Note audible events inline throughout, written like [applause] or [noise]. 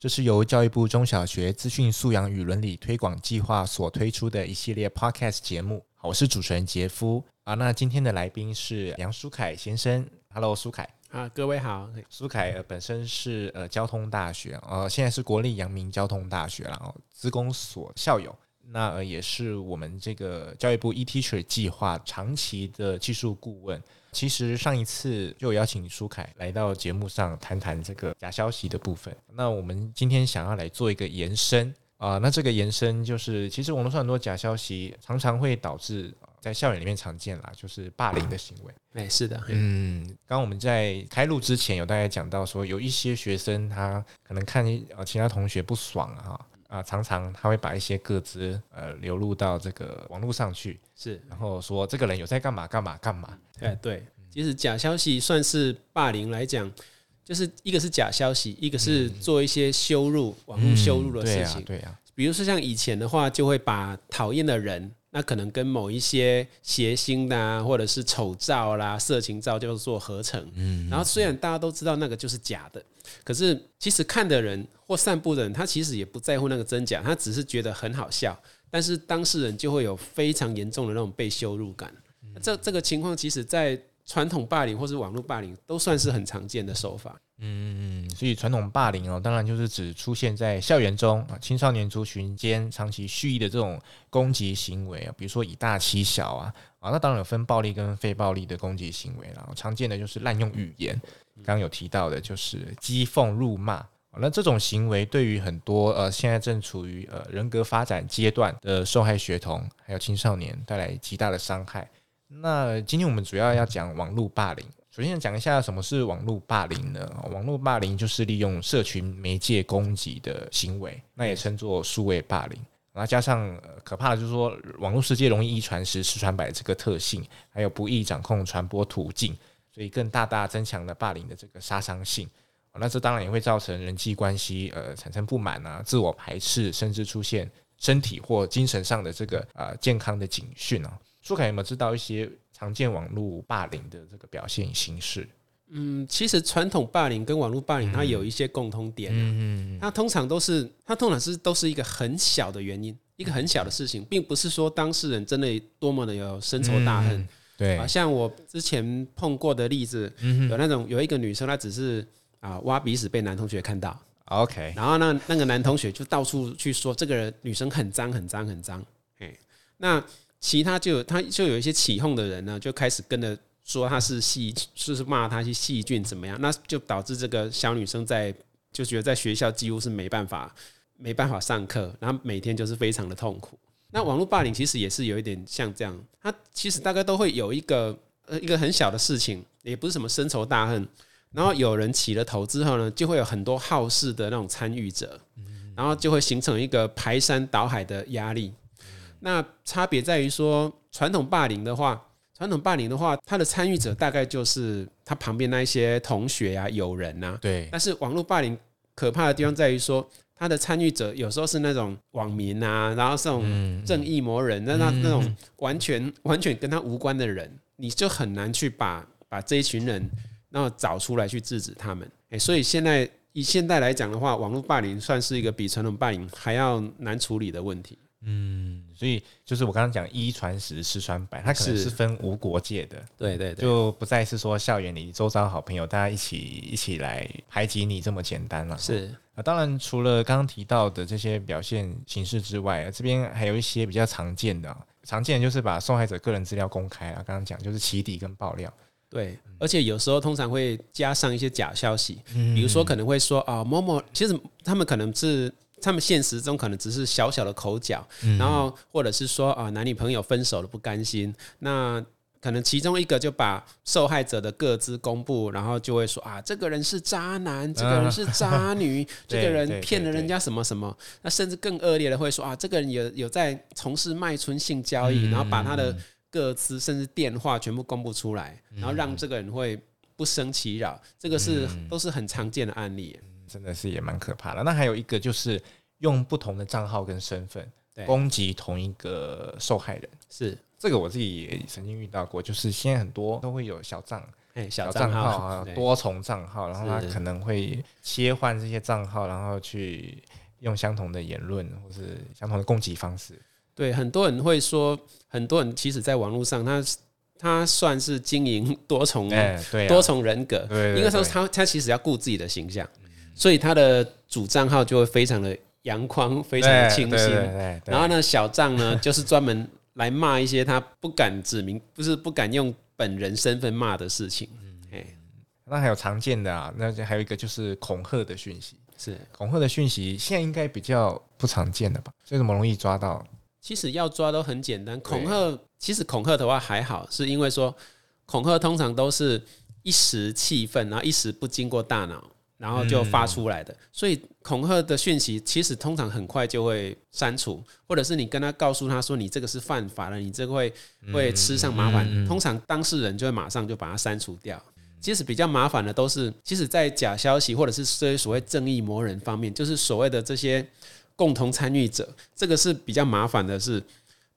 這是由教育部中小學資訊素養與倫理推廣計劃所推出的一系列 Podcast 節目。好，我是主持人杰夫啊。那今天的來賓是楊舒凱先生。Hello，舒凱啊，各位好。舒凱、呃、本身是呃交通大學，呃現在是國立陽明交通大學然後資工所校友，那、呃、也是我們這個教育部 eTeacher 計劃長期的技術顧問。其實上一次就邀請舒凱來到節目上談談這個假消息的部分。那我們今天想要來做一個延伸啊、呃，那這個延伸就是，其實網絡上很多假消息常常會導致在校園裡面常見啦，就是霸凌的行為。對、欸，是的，對嗯，剛我們在開錄之前有大概講到說，有一些學生他可能看呃其他同學不爽啊。啊、呃，常常他會把一些個資呃流露，到這個網絡上去，是，然後說這個人有在幹嘛幹嘛幹嘛。哎，對，嗯、其實假消息算是霸凌來講，就是一個是假消息，一個是做一些羞辱，嗯、網絡羞辱的事情，嗯、對、啊、對呀、啊。比如說像以前的話，就會把討厭的人。那可能跟某一些諧星吶、啊，或者是醜照啦、啊、色情照，叫做合成。嗯，嗯，然後雖然大家都知道那個就是假的，可是其實看的人或散布的人，他其實也不在乎那個真假，他只是覺得很好笑。但是當事人就會有非常嚴重的那種被羞辱感。這這個情況，其實在傳統霸凌或是網絡霸凌都算是很常見的手法。嗯嗯嗯，所以傳統霸凌哦，當然就是指出現在校園中啊，青少年族群間長期蓄意的這種攻擊行為啊，比如說以大欺小啊啊，那當然有分暴力跟非暴力的攻擊行為啦。然後常見的就是濫用語言，剛剛有提到的就是譏諷、辱罵。那這種行為對於很多呃現在正處於呃人格發展階段的受害學童，還有青少年帶來極大的傷害。那今天我們主要要講網絡霸凌。首先講一下什麼是網絡霸凌呢？網絡霸凌就是利用社群媒介攻擊的行為，那也稱作數位霸凌。然後、嗯啊、加上、呃、可怕的，就是說網絡世界容易一傳十、十傳百這個特性，還有不易掌控傳播途徑，所以更大大增強了霸凌的這個殺傷性、啊。那這當然也會造成人際關係呃產生不滿啊、自我排斥，甚至出現身體或精神上的這個呃健康的警訊啊。舒凱有沒有知道一些？常見網絡霸凌的這個表現形式，嗯，其實傳統霸凌跟網絡霸凌它有一些共通點，嗯，嗯，嗯它通常都是它通常是都是一個很小的原因，一個很小的事情，並不是說當事人真的多麼的有深仇大恨，嗯、對、啊，像我之前碰過的例子，嗯嗯嗯、有那種有一個女生她只是啊挖鼻屎被男同學看到，OK，然後那那個男同學就到處去說這個人女生很髒很髒很髒，哎，那。其他就他就有一些起哄的人呢，就開始跟着說他是細，就是罵他是細菌怎麼樣？那就導致這個小女生在就覺得在學校幾乎是沒辦法沒辦法上課，然後每天就是非常的痛苦。那網絡霸凌其實也是有一點像這樣，它其實大概都會有一個呃一個很小的事情，也不是什麼深仇大恨，然後有人起了頭之後呢，就會有很多好事的那種參與者，然後就會形成一個排山倒海的壓力。那差別在於說，傳統霸凌的話，傳統霸凌的話，他的參與者大概就是他旁邊那一些同學呀、啊、友人吶、啊。對。但是網絡霸凌可怕的地方在於說，他的參與者有時候是那種網民啊，然後這種正義魔人，那那、嗯、那種完全、嗯、完全跟他無關的人，你就很難去把把這一群人然後找出來去制止他們。誒、欸，所以現在以現在來講的話，網絡霸凌算是一個比傳統霸凌還要難處理的問題。嗯，所以就是我剛剛講一傳十，十傳百，它其實是分無國界的，嗯嗯、對對對，就不再是說校園裡周遭好朋友大家一起一起來排擠你這麼簡單了、啊。是啊，當然除了剛剛提到的這些表現形式之外，這邊還有一些比較常見的、啊，常見的就是把受害者個人資料公開了、啊。剛剛講就是起底跟爆料，對，嗯、而且有時候通常會加上一些假消息，比如說可能會說啊、嗯哦、某某，其實他們可能是。他們現實中可能只是小小的口角，然後或者是說啊，男女朋友分手了不甘心，那可能其中一個就把受害者的個資公布，然後就會說啊，這個人是渣男，這個人是渣女，啊、這個人騙了人家什麼什麼，對對對對對，那甚至更惡劣的會說啊，這個人有有在從事賣春性交易，嗯嗯嗯，然後把他的個資甚至電話全部公布出來，然後讓這個人會不勝其擾，嗯嗯，這個是都是很常見的案例。真的是也蠻可怕的。那還有一個就是用不同的賬號跟身份攻擊同一個受害人，是對這個我自己也曾經遇到過。就是現在很多都會有小賬、欸、小賬號啊，小帳號對多重賬號，然後他可能會切換這些賬號，然後去用相同的言論或是相同的攻擊方式。對，很多人會說，很多人其實在網絡上他，他他算是經營多重、欸、多重人格，對對對對，因為他說他他其實要顧自己的形象。所以他的主賬號就會非常的陽光，非常的清新。然後小呢，小賬呢就是專門來罵一些他不敢指名，不是不敢用本人身份罵的事情。嗯，嘿那還有常見的啊，那還有一個就是恐嚇的訊息，是恐嚇的訊息，現在應該比較不常見的吧？為什麼容易抓到？其實要抓都很簡單。恐嚇，對其實恐嚇的話還好，是因為說恐嚇通常都是一時氣憤，然後一時不經過大腦。然後就發出來的，所以恐嚇的訊息其實通常很快就會刪除，或者是你跟他告訴他說你這個是犯法的，你這個會會吃上麻煩。通常當事人就會馬上就把它刪除掉。其實比較麻煩的都是，其實在假消息或者是這些所謂正義魔人方面，就是所謂的這些共同參與者，這個是比較麻煩的。是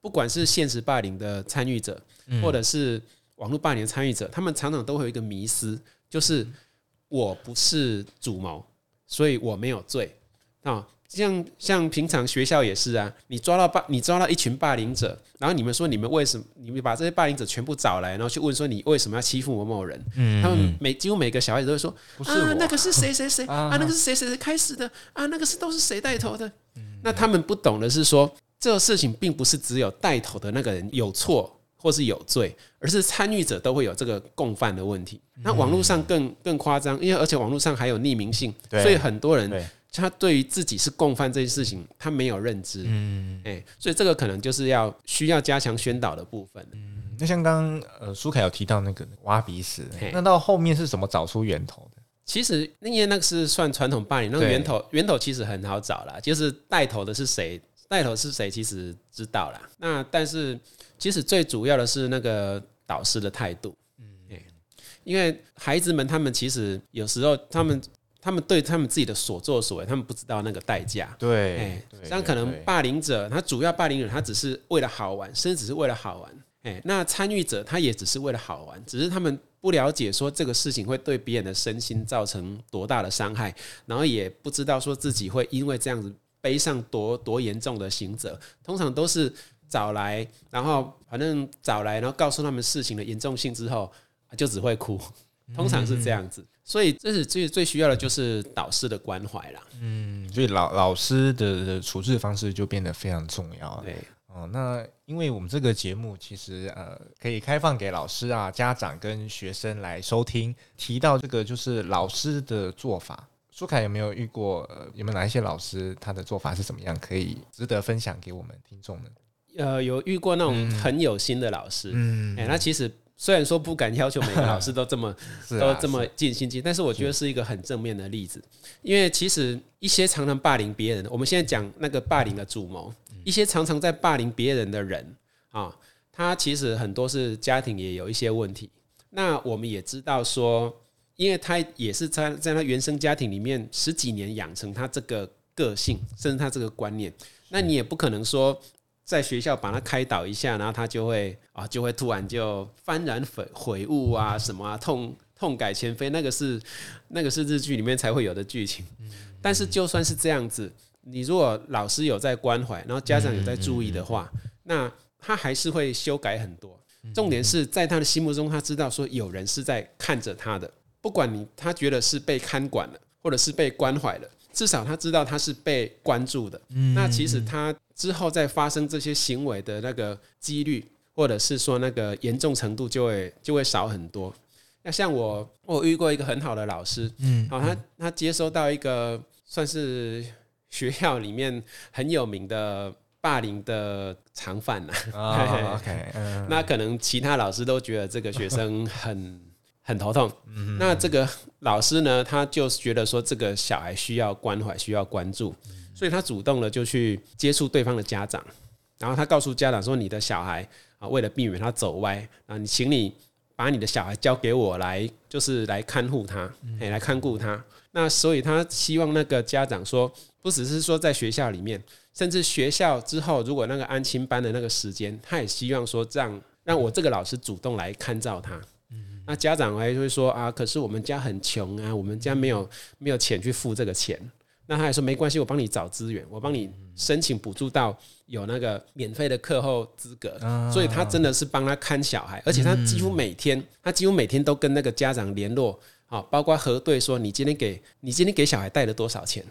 不管是現實霸凌的參與者，或者是網絡霸凌的參與者，他們常常都會有一個迷思，就是。我不是主謀，所以我沒有罪啊，哦！像像平常學校也是啊，你抓到霸，你抓到一群霸凌者，然後你們說你們為什麼？你們把這些霸凌者全部找來，然後去問說你為什麼要欺負某某人？嗯嗯，他們每幾乎每個小孩子都會說，啊，那個是誰誰誰啊，那個是誰誰誰開始的啊，那個是都是誰帶頭的？嗯嗯，那他們不懂的是說，這個事情並不是只有帶頭的那個人有錯。或是有罪，而是參與者都會有這個共犯的問題。嗯、那網絡上更更誇張，因為而且網絡上還有匿名性，對所以很多人對他對於自己是共犯這件事情，他沒有認知。嗯，哎、欸，所以這個可能就是要需要加強宣導的部分。嗯，那像剛呃舒凱有提到那個挖鼻屎，欸、那到後面是怎麼找出源頭的。其實那些那個是算傳統霸凌，那個，源頭對源頭其實很好找了，就是帶頭的是誰。帶頭是誰？其實知道了。那但是，其實最主要的是那個導師的態度。嗯，因為孩子們他們其實有時候他們、嗯、他們對他們自己的所作所為，他們不知道那個代價。對、欸，像可能霸凌者，對對對他主要霸凌者他只是為了好玩，甚至只是為了好玩。哎、欸，那參與者他也只是為了好玩，只是他們不了解說這個事情會對別人的身心造成多大的傷害，然後也不知道說自己會因為這樣子。背上多多嚴重的刑責。通常都是找來，然後反正找來，然後告訴他們事情的嚴重性之後，就只會哭，通常是這樣子。嗯、所以，這是最最需要的就是導師的關懷啦。嗯，所以老老師的處置方式就變得非常重要了。對，哦，那因為我們這個節目其實呃，可以開放給老師啊、家長跟學生來收聽。提到這個，就是老師的做法，舒凱有沒有遇過、呃？有沒有哪一些老師，他的做法是怎麼樣，可以值得分享給我們聽眾呢？呃，有遇過那種很有心的老師，嗯、嗯、嗯、欸，那其實雖然說不敢要求每個老師都這麼、 [laughs] 啊、都這麼盡心盡，但是我覺得是一個很正面的例子。嗯、因為其實一些常常霸凌別人，我們現在講那個霸凌的主謀，一些常常在霸凌別人的人啊、哦，他其實很多是家庭也有一些問題。那我們也知道說。因為他也是在在他原生家庭裡面十幾年養成他這個個性，甚至他這個觀念。那你也不可能說在學校把他開導一下，然後他就會啊，就會突然就幡然悔悔悟啊，什麼啊，痛痛改前非，那個是，那個是日劇裡面才會有的劇情。但是就算是這樣子，你如果老師有在關懷，然後家長有在注意的話，那他還是會修改很多。重點是在他的心目中，他知道說有人是在看着他的。不管你他覺得是被看管了，或者是被關懷了，至少他知道他是被關注的。嗯，那其實他之後再發生這些行為的那個幾率，或者是說那個嚴重程度，就會就會少很多。那像我，我遇過一個很好的老師，嗯，好，哦，他他接收到一個算是學校裡面很有名的霸凌的常犯了。OK，那可能其他老師都覺得這個學生很。很頭痛，那這個老師呢？他就是覺得說，這個小孩需要關懷，需要關注，所以他主動了就去接觸對方的家長，然後他告訴家長說：“你的小孩啊，為了避免他走歪啊，你請你把你的小孩交給我來，就是來看護他，誒、嗯，來看顧他。”那所以他希望那個家長說，不只是說在學校裡面，甚至學校之後，如果那個安親班的那個時間，他也希望說這樣讓我這個老師主動來看照他。那家長還會說啊，可是我們家很窮啊，我們家沒有沒有錢去付這個錢。那他還說沒關係，我幫你找資源，我幫你申請補助到有那個免費的課後資格。所以他真的是幫他看小孩，而且他幾乎每天，他幾乎每天都跟那個家長聯絡啊，包括核對說，你今天給你今天給小孩帶了多少錢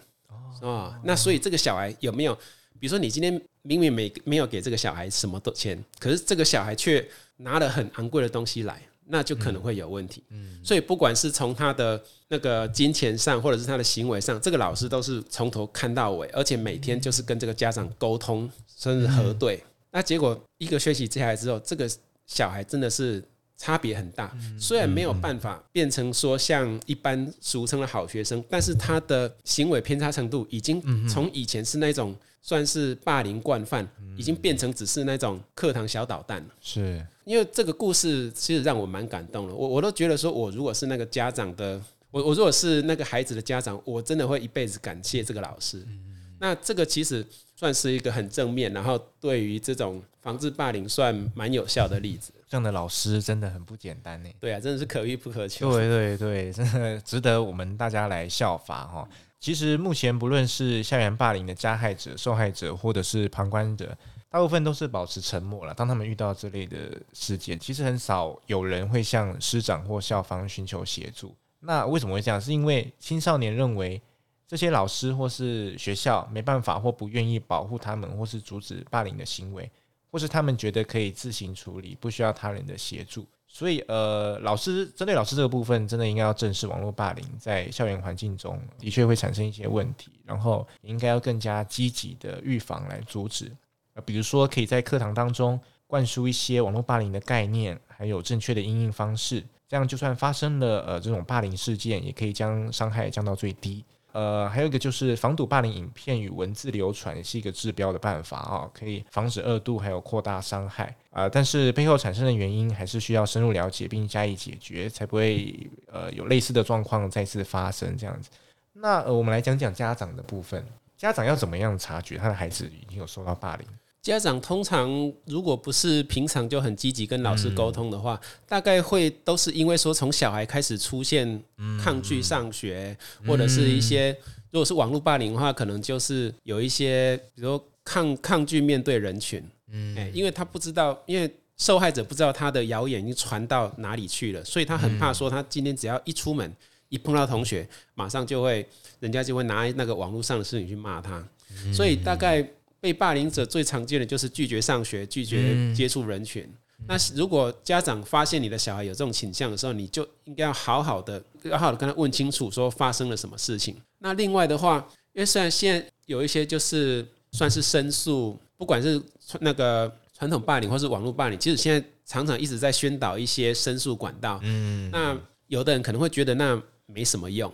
啊？那所以這個小孩有沒有？比如說你今天明明沒沒有給這個小孩什麼多錢，可是這個小孩卻拿了很昂貴的東西來。那就可能會有問題，嗯，所以不管是從他的那個金錢上，或者是他的行為上，這個老師都是從頭看到尾，而且每天就是跟這個家長溝通，甚至核對。那結果一個學期接下來之後，這個小孩真的是差別很大，雖然沒有辦法變成說像一般俗稱的好學生，但是他的行為偏差程度已經從以前是那種。算是霸凌慣犯，已經變成只是那種課堂小搗蛋了。是、嗯、因為這個故事其實讓我蠻感動的。我我都覺得說我如果是那個家長的，我我如果是那個孩子的家長，我真的會一輩子感謝這個老師。嗯、那這個其實算是一個很正面，然後對於這種防治霸凌算蠻有效的例子。這樣的老師真的很不簡單呢，對啊，真的是可遇不可求。對對對，對，真的值得我們大家來效法哈。其實目前不論是校園霸凌的加害者、受害者或者是旁觀者，大部分都是保持沉默了。當他們遇到這類的事件，其實很少有人會向師長或校方尋求協助。那為什麼會這樣？是因為青少年認為這些老師或是學校沒辦法或不願意保護他們，或是阻止霸凌的行為，或是他們覺得可以自行處理，不需要他人的協助。所以，呃，老師針對老師這個部分，真的應該要正視網絡霸凌在校園環境中的確會產生一些問題，然後應該要更加積極的預防來阻止。呃，比如說可以在課堂當中灌輸一些網絡霸凌的概念，還有正確的因應方式，這樣就算發生了呃這種霸凌事件，也可以將傷害降到最低。呃，還有一個就是防堵霸凌影片與文字流傳是一個治標的辦法啊、哦，可以防止二度，還有擴大傷害啊、呃。但是背後產生的原因還是需要深入了解並加以解決，才不會呃有類似的狀況再次發生這樣子。那、呃、我們來講講家長的部分，家長要怎麼樣察覺他的孩子已經有受到霸凌？家長通常如果不是平常就很積極跟老師溝通的話，大概會都是因為說從小孩開始出現抗拒上學，或者是一些如果是網絡霸凌的話，可能就是有一些比如說抗抗拒面對人群，嗯，因為他不知道，因為受害者不知道他的謠言已經傳到哪裡去了，所以他很怕說他今天只要一出門，一碰到同學，馬上就會人家就會拿那個網絡上的事情去罵他，所以大概。被霸凌者最常見的就是拒絕上學、拒絕接觸人群。嗯，那如果家長發現你的小孩有這種傾向的時候，你就應該要好好的、要好好的跟他問清楚，說發生了什麼事情。那另外的話，因為雖然現在有一些就是算是申訴，不管是那個傳統霸凌或是網絡霸凌，其實現在常常一直在宣導一些申訴管道。嗯，那有的人可能會覺得那沒什麼用。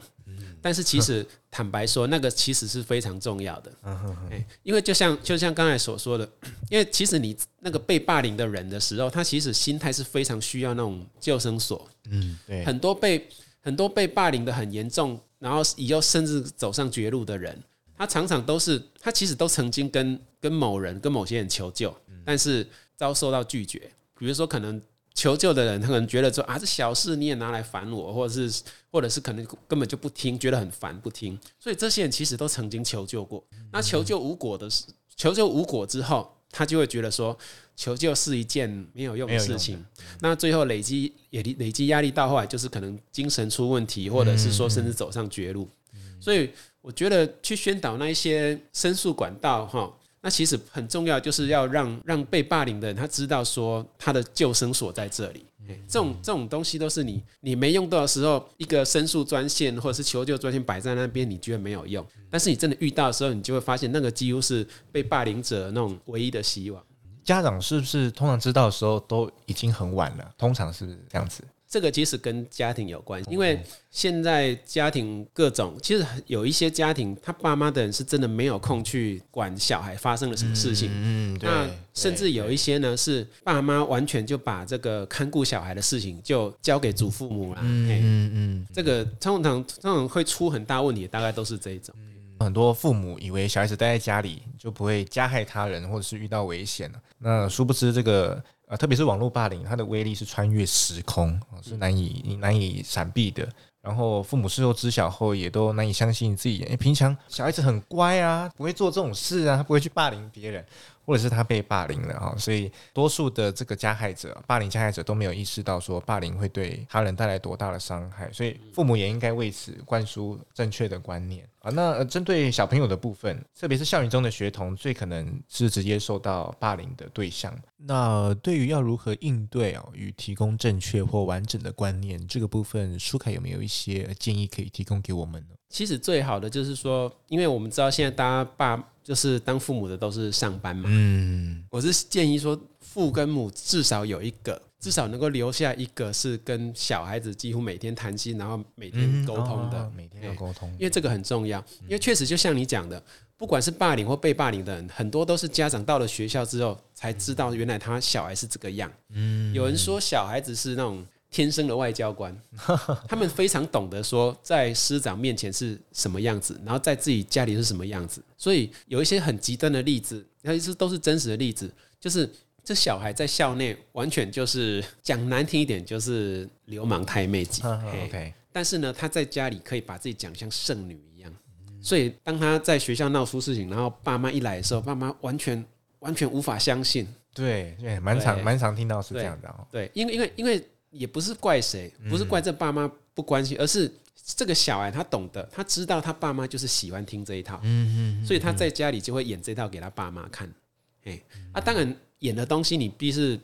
但是其實坦白說，那個其實是非常重要的。嗯，因為就像就像剛才所說的，因為其實你那個被霸凌的人的時候，他其實心態是非常需要那種救生索。嗯，對。很多被很多被霸凌得很嚴重，然後以後甚至走上絕路的人，他常常都是他其實都曾經跟跟某人跟某些人求救，但是遭受到拒絕。比如說可能。求救的人，他可能覺得說啊，這小事你也拿來煩我，或者是，或者是可能根本就不聽，覺得很煩，不聽。所以這些人其實都曾經求救過。那求救無果的時候，求救無果之後，他就會覺得說，求救是一件沒有用的事情。那最後累積也累積壓力，到後來就是可能精神出問題，或者是說甚至走上絕路。嗯嗯嗯，所以我覺得去宣導那一些申訴管道，哈。那其實很重要，就是要讓讓被霸凌的人他知道說他的救生所在這裡。這種這種東西都是你你沒用到的時候，一個申訴專線或者是求救專線擺在那邊，你覺得沒有用。但是你真的遇到的時候，你就會發現那個幾乎是被霸凌者那種唯一的希望、嗯。嗯嗯、家長是不是通常知道的時候都已經很晚了？通常是,是這樣子。這個其實跟家庭有關係，因為現在家庭各種其實有一些家庭，他爸媽的人是真的沒有空去管小孩發生了什麼事情。嗯，嗯那甚至有一些呢，是爸媽完全就把這個看顧小孩的事情就交給祖父母了。嗯對嗯。嗯嗯，這個通常通常會出很大問題，大概都是這一種。很多父母以為小孩子待在家裡就不會加害他人或者是遇到危險了，那殊不知這個呃、啊，特別是網路霸凌，它的威力是穿越時空，是難以、嗯、難以閃避的。然後父母事後知曉後，也都難以相信自己，誒、欸，平常小孩子很乖啊，不會做這種事啊，他不會去霸凌別人。或者是他被霸凌了哈，所以多數的這個加害者、霸凌加害者都沒有意識到說霸凌會對他人帶來多大的傷害，所以父母也應該為此灌輸正確的觀念啊。那針對小朋友的部分，特別是校園中的學童，最可能是直接受到霸凌的對象。那對於要如何應對哦，與提供正確或完整的觀念這個部分，舒凱有沒有一些建議可以提供給我們呢？其實最好的就是說，因為我們知道現在大家霸。就是當父母的都是上班嘛，嗯，我是建議說父跟母至少有一個，至少能夠留下一個是跟小孩子幾乎每天談心，然後每天溝通的，每天要溝通，因為這個很重要。因為確實就像你講的，不管是霸凌或被霸凌的人，很多都是家長到了學校之後才知道，原來他小孩是這個樣。嗯，有人說小孩子是那種，天生的外交官， [laughs] 他們非常懂得說，在師長面前是什麼樣子，然後在自己家裡是什麼樣子。所以有一些很極端的例子，然後其實都是真實的例子，就是這小孩在校內完全就是講難聽一點就是流氓太妹精，OK。但是呢，他在家裡可以把自己講像聖女一樣。所以當他在學校鬧出事情，然後爸媽一來的時候，爸媽完全完全無法相信。對，對蠻常蠻對常聽到是這樣的、喔對。對，因為因為因為。因為也不是怪誰，不是怪這爸媽不關心，嗯、而是這個小孩他懂得，他知道他爸媽就是喜歡聽這一套，嗯哼嗯哼嗯、所以他在家裡就會演這套給他爸媽看。哎、欸，那、啊、當然演的東西你必是，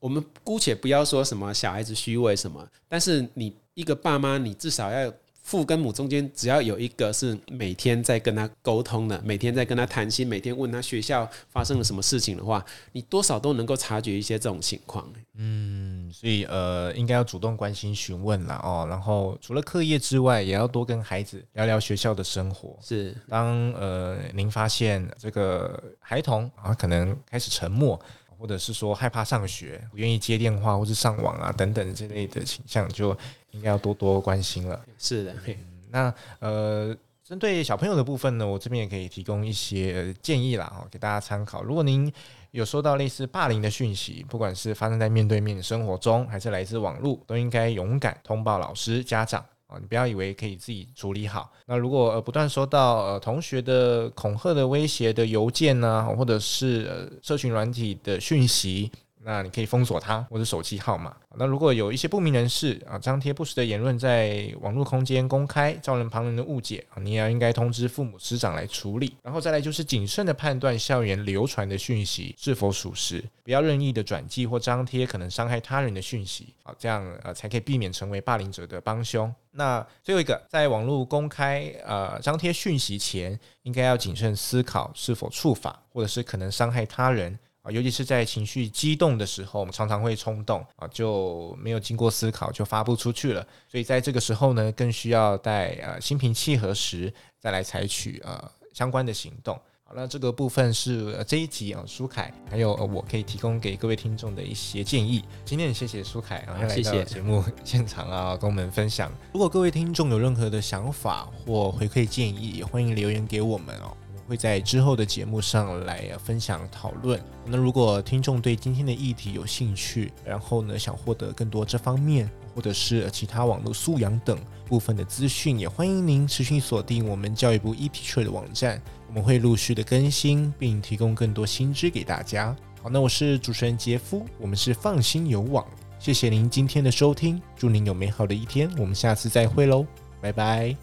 我們姑且不要說什麼小孩子虛偽什麼，但是你一個爸媽，你至少要。父跟母中間，只要有一個是每天在跟他溝通的，每天在跟他談心，每天問他學校發生了什麼事情的話，你多少都能夠察覺一些這種情況。嗯，所以呃，應該要主動關心詢問了哦。然後除了課業之外，也要多跟孩子聊聊學校的生活。是，當呃，您發現這個孩童啊，可能開始沉默，或者是說害怕上學，不願意接電話或是上網啊等等之類的傾向，就應該要多多關心了。是的，嗯、那呃，針對小朋友的部分呢，我這邊也可以提供一些、呃、建議啦，哈，給大家參考。如果您有收到類似霸凌的訊息，不管是發生在面對面的生活中，還是來自網絡，都應該勇敢通報老師、家長。啊，你不要以為可以自己處理好。那如果呃不斷收到呃同學的恐嚇的威脅的郵件呢，或者是呃社群軟體的訊息。那你可以封鎖他，或者手機號碼。那如果有一些不明人士啊，張貼不實的言論在網絡空間公開，造成旁人的誤解啊，你也要應該通知父母師長來處理。然後再來就是謹慎的判斷校園流傳的訊息是否屬實，不要任意的轉寄或張貼可能傷害他人的訊息啊，這樣呃、啊、才可以避免成為霸凌者的幫兇。那最後一個，在網絡公開呃張貼訊息前，應該要謹慎思考是否觸法，或者是可能傷害他人。尤其是在情緒激動的時候，我們常常會衝動啊，就沒有經過思考就發佈出去了。所以在這個時候呢，更需要在呃、啊、心平氣和時再來採取呃、啊、相關的行動。好那這個部分是、啊、這一集啊，舒凱還有、啊、我可以提供給各位聽眾的一些建議。今天也謝謝舒凱啊，來到節目現場啊，謝謝跟我們分享。如果各位聽眾有任何的想法或回饋建議，也歡迎留言給我們哦。會在之後的節目上來分享討論。那如果聽眾對今天的議題有興趣，然後呢，想獲得更多這方面或者是其他網絡素養等部分的資訊，也歡迎您持續鎖定我們教育部 eTeacher 的網站，我們會陸續的更新，並提供更多新知給大家。好，那我是主持人傑夫，我們是放心遊網，謝謝您今天的收聽，祝您有美好的一天，我們下次再會嘍，拜拜。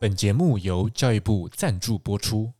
本節目由教育部贊助播出。